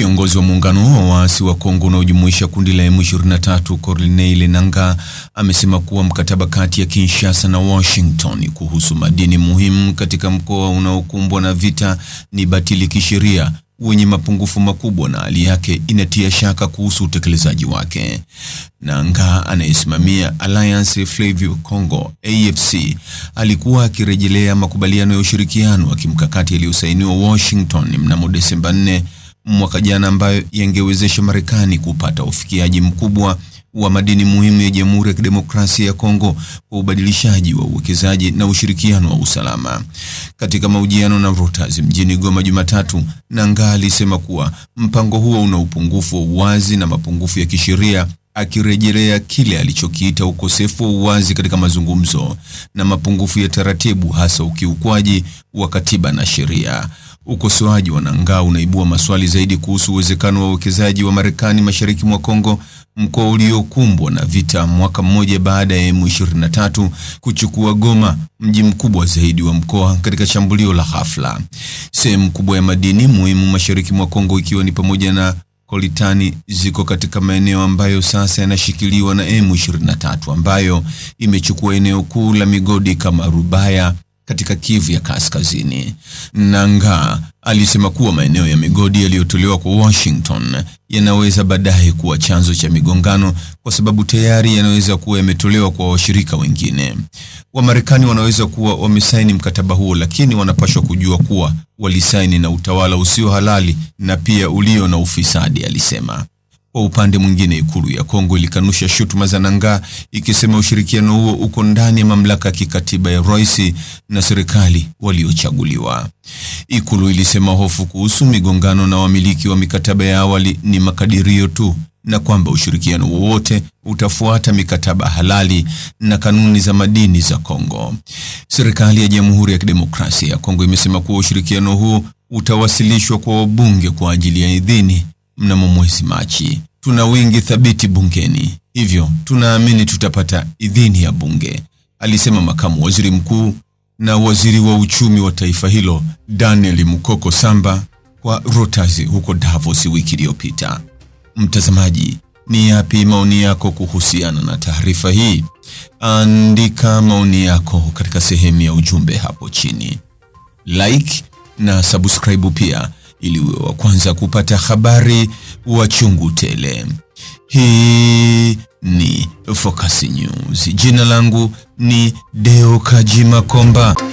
Kiongozi wa muungano wa waasi wa Kongo unaojumuisha kundi la M23, Corneille Nangaa amesema kuwa mkataba kati ya Kinshasa na Washington kuhusu madini muhimu katika mkoa unaokumbwa na vita ni batili kisheria, wenye mapungufu makubwa na hali yake inatia shaka kuhusu utekelezaji wake. Nangaa anayesimamia Alliance Fleuve Congo AFC alikuwa akirejelea makubaliano ya ushirikiano wa kimkakati yaliyosainiwa Washington mnamo Desemba 4 mwaka jana ambayo yangewezesha Marekani kupata ufikiaji mkubwa wa madini muhimu ya Jamhuri ya Kidemokrasia ya Kongo kwa ubadilishaji wa uwekezaji na ushirikiano wa usalama. Katika mahojiano na Reuters mjini Goma Jumatatu, Nangaa alisema kuwa mpango huo una upungufu wa uwazi na mapungufu ya kisheria, akirejelea kile alichokiita ukosefu wa uwazi katika mazungumzo na mapungufu ya taratibu, hasa ukiukwaji wa katiba na sheria. Ukosoaji wa Nangaa unaibua maswali zaidi kuhusu uwezekano wa uwekezaji wa Marekani mashariki mwa Kongo, mkoa uliokumbwa na vita mwaka mmoja baada ya M23 kuchukua Goma, mji mkubwa zaidi wa mkoa, katika shambulio la ghafla. Sehemu kubwa ya madini muhimu mashariki mwa Kongo, ikiwa ni pamoja na kolitani ziko katika maeneo ambayo sasa yanashikiliwa na M23 ambayo imechukua eneo kuu la migodi kama Rubaya, katika Kivu ya Kaskazini. nanga alisema kuwa maeneo ya migodi yaliyotolewa kwa Washington yanaweza baadaye kuwa chanzo cha migongano kwa sababu tayari yanaweza kuwa yametolewa kwa washirika wengine. Wamarekani wanaweza kuwa wamesaini mkataba huo, lakini wanapaswa kujua kuwa walisaini na utawala usio halali na pia ulio na ufisadi, alisema. Kwa upande mwingine, ikulu ya Kongo ilikanusha shutuma za Nangaa, ikisema ushirikiano huo uko ndani ya mamlaka ya kikatiba ya rais na serikali waliochaguliwa. Ikulu ilisema hofu kuhusu migongano na wamiliki wa mikataba ya awali ni makadirio tu na kwamba ushirikiano wowote utafuata mikataba halali na kanuni za madini za Kongo. Serikali ya Jamhuri ya Kidemokrasia ya Kongo imesema kuwa ushirikiano huo utawasilishwa kwa wabunge kwa ajili ya idhini mnamo mwezi Machi. Tuna wingi thabiti bungeni, hivyo tunaamini tutapata idhini ya bunge, alisema makamu waziri mkuu na waziri wa uchumi wa taifa hilo Daniel Mukoko Samba kwa Reuters huko Davos wiki iliyopita. Mtazamaji, ni yapi maoni yako kuhusiana na taarifa hii? Andika maoni yako katika sehemu ya ujumbe hapo chini, like na subscribe pia ili uwe wa kwanza kupata habari wa chungu tele. Hii ni Focus News. Jina langu ni Deo Kaji Makomba.